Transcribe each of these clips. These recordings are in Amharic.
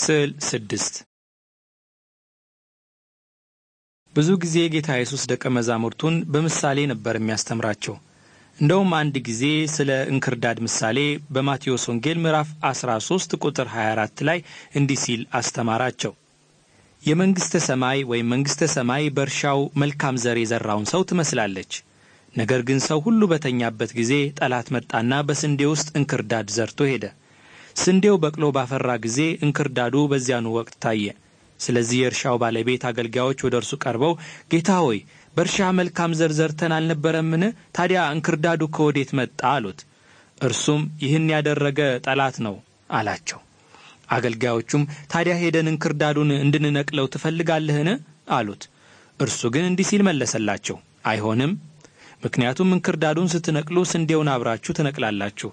ስዕል ስድስት ብዙ ጊዜ ጌታ ኢየሱስ ደቀ መዛሙርቱን በምሳሌ ነበር የሚያስተምራቸው። እንደውም አንድ ጊዜ ስለ እንክርዳድ ምሳሌ በማቴዎስ ወንጌል ምዕራፍ 13 ቁጥር 24 ላይ እንዲህ ሲል አስተማራቸው። የመንግሥተ ሰማይ ወይም መንግሥተ ሰማይ በእርሻው መልካም ዘር የዘራውን ሰው ትመስላለች። ነገር ግን ሰው ሁሉ በተኛበት ጊዜ ጠላት መጣና በስንዴ ውስጥ እንክርዳድ ዘርቶ ሄደ። ስንዴው በቅሎ ባፈራ ጊዜ እንክርዳዱ በዚያኑ ወቅት ታየ። ስለዚህ የእርሻው ባለቤት አገልጋዮች ወደ እርሱ ቀርበው ጌታ ሆይ በእርሻ መልካም ዘር ዘርተን አልነበረምን? ታዲያ እንክርዳዱ ከወዴት መጣ? አሉት። እርሱም ይህን ያደረገ ጠላት ነው አላቸው። አገልጋዮቹም ታዲያ ሄደን እንክርዳዱን እንድንነቅለው ትፈልጋለህን? አሉት። እርሱ ግን እንዲህ ሲል መለሰላቸው፣ አይሆንም። ምክንያቱም እንክርዳዱን ስትነቅሉ ስንዴውን አብራችሁ ትነቅላላችሁ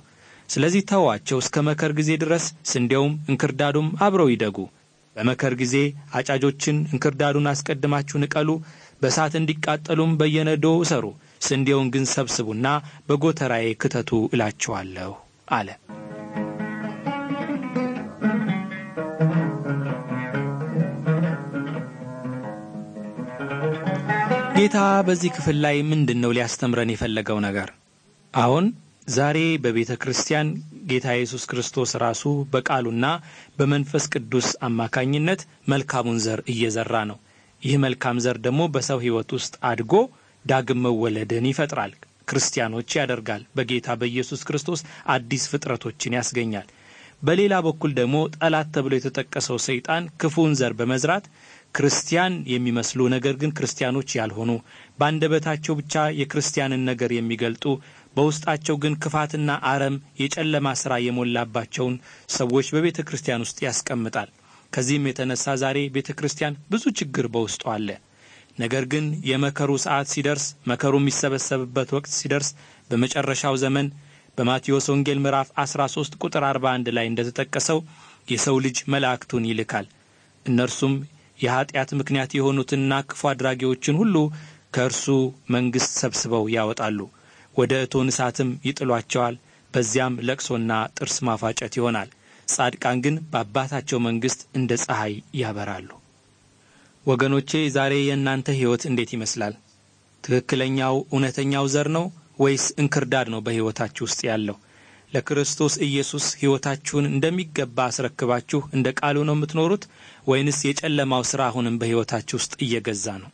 ስለዚህ ተዋቸው እስከ መከር ጊዜ ድረስ ስንዴውም እንክርዳዱም አብረው ይደጉ። በመከር ጊዜ አጫጆችን እንክርዳዱን አስቀድማችሁ ንቀሉ፣ በእሳት እንዲቃጠሉም በየነዶው እሰሩ፣ ስንዴውን ግን ሰብስቡና በጎተራዬ ክተቱ እላችኋለሁ አለ። ጌታ በዚህ ክፍል ላይ ምንድን ነው ሊያስተምረን የፈለገው ነገር? አሁን ዛሬ በቤተ ክርስቲያን ጌታ ኢየሱስ ክርስቶስ ራሱ በቃሉና በመንፈስ ቅዱስ አማካኝነት መልካሙን ዘር እየዘራ ነው። ይህ መልካም ዘር ደግሞ በሰው ሕይወት ውስጥ አድጎ ዳግም መወለድን ይፈጥራል፣ ክርስቲያኖች ያደርጋል፣ በጌታ በኢየሱስ ክርስቶስ አዲስ ፍጥረቶችን ያስገኛል። በሌላ በኩል ደግሞ ጠላት ተብሎ የተጠቀሰው ሰይጣን ክፉን ዘር በመዝራት ክርስቲያን የሚመስሉ ነገር ግን ክርስቲያኖች ያልሆኑ በአንደበታቸው ብቻ የክርስቲያንን ነገር የሚገልጡ በውስጣቸው ግን ክፋትና አረም፣ የጨለማ ሥራ የሞላባቸውን ሰዎች በቤተ ክርስቲያን ውስጥ ያስቀምጣል። ከዚህም የተነሳ ዛሬ ቤተ ክርስቲያን ብዙ ችግር በውስጡ አለ። ነገር ግን የመከሩ ሰዓት ሲደርስ መከሩ የሚሰበሰብበት ወቅት ሲደርስ በመጨረሻው ዘመን በማቴዎስ ወንጌል ምዕራፍ 13 ቁጥር 41 ላይ እንደተጠቀሰው የሰው ልጅ መላእክቱን ይልካል። እነርሱም የኀጢአት ምክንያት የሆኑትና ክፉ አድራጊዎችን ሁሉ ከእርሱ መንግሥት ሰብስበው ያወጣሉ። ወደ እቶን እሳትም ይጥሏቸዋል። በዚያም ለቅሶና ጥርስ ማፋጨት ይሆናል። ጻድቃን ግን በአባታቸው መንግሥት እንደ ፀሐይ ያበራሉ። ወገኖቼ ዛሬ የእናንተ ሕይወት እንዴት ይመስላል? ትክክለኛው እውነተኛው ዘር ነው ወይስ እንክርዳድ ነው በሕይወታችሁ ውስጥ ያለው? ለክርስቶስ ኢየሱስ ሕይወታችሁን እንደሚገባ አስረክባችሁ እንደ ቃሉ ነው የምትኖሩት ወይንስ የጨለማው ሥራ አሁንም በሕይወታችሁ ውስጥ እየገዛ ነው?